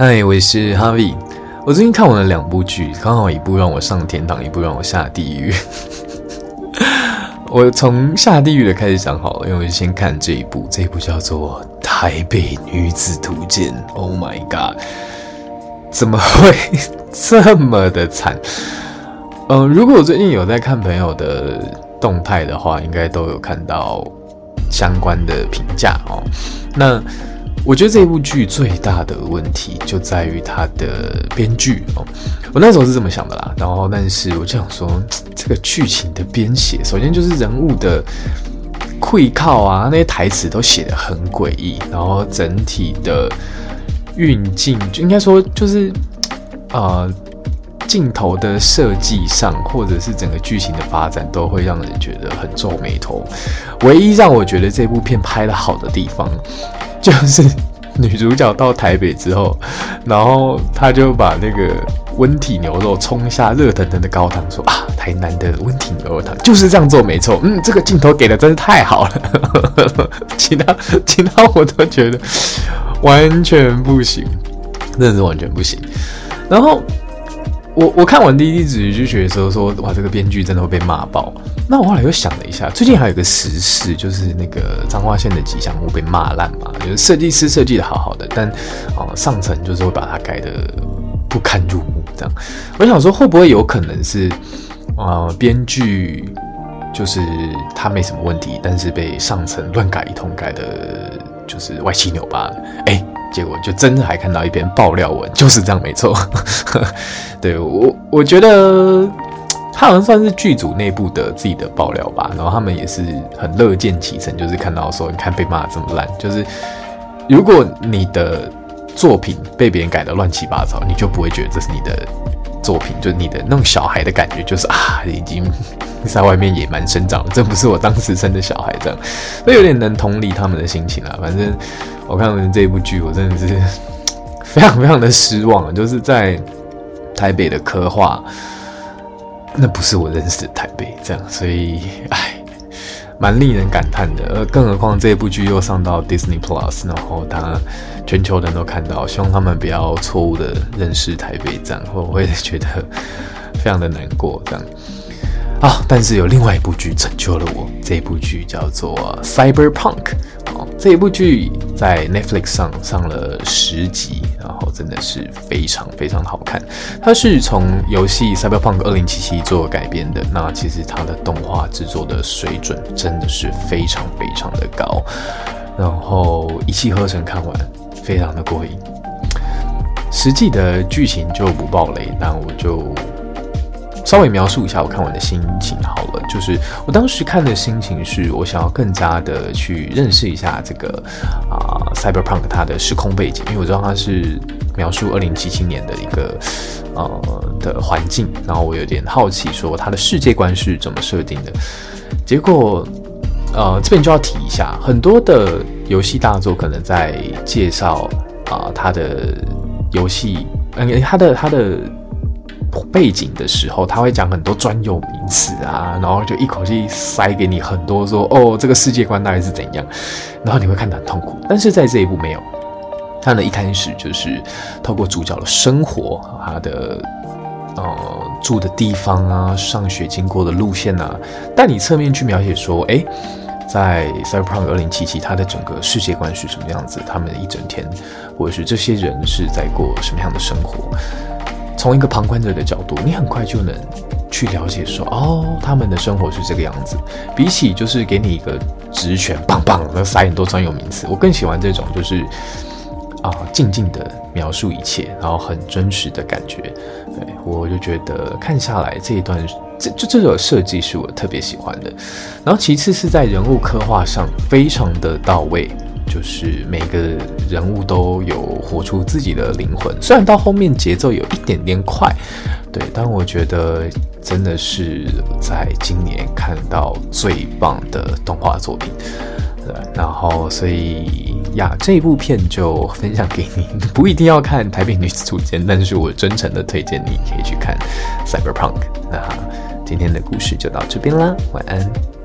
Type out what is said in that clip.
嗨，Hi, 我是 Harvie。我最近看完了兩部劇，剛好一部讓我上天堂，一部讓我下地獄。 我從下地獄的開始想，好了，因為我就先看這一部，這一部叫做《台北女子圖鑑》。Oh my god，怎麼會 這麼的慘？嗯、呃，如果我最近有在看朋友的動態的話，應該都有看到相關的評價哦。那。我覺得這部劇最大的問題就在於它的編劇哦，我那時候是這麼想的啦。然後，但是我就想說，這個劇情的編寫，首先就是人物的跪靠啊，那些台詞都寫得很詭異，然後整體的運鏡就應該說就是啊、呃。鏡頭的設計上，或者是整個劇情的發展，都會讓人覺得很皺眉頭。唯一讓我覺得這部片拍得好的地方，就是女主角到台北之後，然後她就把那個溫體牛肉沖下熱騰騰的高湯，說：“啊，台南的溫體牛肉湯就是這樣做，沒錯。”嗯，這個鏡頭給得真是太好了。 其他其他我都覺得完全不行，真的是完全不行。然後。我我看完第一集直覺就覺得說說哇，這個編劇真的會被罵爆。那我後來又想了一下，最近還有個時事，就是那個彰化縣的吉祥物被罵爛嘛，就是設計師設計的好好的，但啊、呃、上層就是會把它改的不堪入目這樣。我想說會不會有可能是啊編劇就是他沒什麼問題，但是被上層亂改一通改的，就是歪七扭八。欸。結果就真的還看到一篇爆料文，就是這樣，沒錯。 對我，我覺得他好像算是劇組內部的自己的爆料吧。然後他們也是很樂見其成，就是看到說，你看被罵得這麼爛，就是如果你的作品被別人改得亂七八糟，你就不會覺得這是你的作品，就是你的那種小孩的感覺，就是啊，已經在外面野蠻生長了，這不是我當時生的小孩這樣，所以有點能同理他們的心情啊，反正。我看完這部劇，我真的是非常非常的失望，就是在台北的刻畫，那不是我認識的台北這樣，所以唉，蠻令人感嘆的。而更何況這部劇又上到 Disney Plus，然後它全球人都看到，希望他們不要錯誤的認識台北這樣，我也覺得非常的難過這樣。啊，但是有另外一部劇拯救了我，這部劇叫做 Cyberpunk。這一部劇在 Netflix 上上了十集，然後真的是非常非常好看。它是從遊戲《Cyberpunk 2077》做改編的，那其實它的動畫制作的水準真的是非常非常的高，然後一氣呵成看完，非常的過癮。實際的劇情就不暴雷，那我就。稍微描述一下我看我的心情好了，就是我當時看的心情是我想要更加的去認識一下這個啊、呃，Cyberpunk 它的時空背景，因為我知道它是描述二零七七年的一個呃的環境，然後我有點好奇說它的世界觀是怎麼設定的。結果呃，這邊就要提一下，很多的遊戲大作可能在介紹啊、呃，它的遊戲，嗯、呃，它的它的。背景的時候，他會講很多專有名詞啊，然後就一口氣塞給你很多說哦，這個世界觀大概是怎樣，然後你會看得很痛苦。但是在這一部，沒有，他呢一開始就是透過主角的生活，他的呃住的地方啊、上學經過的路線啊，帶你側面去描寫說，哎，在 Cyberpunk 二零七七，他的整個世界觀是什麼樣子，他們一整天或者是這些人是在過什麼樣的生活。從一個旁觀者的角度，你很快就能去了解說哦，他們的生活是這個樣子。比起就是給你一個職權棒棒的撒很多專有名詞，我更喜歡這種就是啊，靜靜的描述一切，然後很真實的感覺。對，我就覺得看下來這一段，這就這種設計是我特別喜歡的。然後其次是在人物刻畫上非常的到位。就是每個人物都有活出自己的靈魂，雖然到後面節奏有一點點快，對，但我覺得真的是在今年看到最棒的動畫作品，對。然後所以呀，這一部片就分享給你，不一定要看《台北女子圖鑑》，但是我真誠的推薦你可以去看《Cyberpunk》。那今天的故事就到這邊啦，晚安。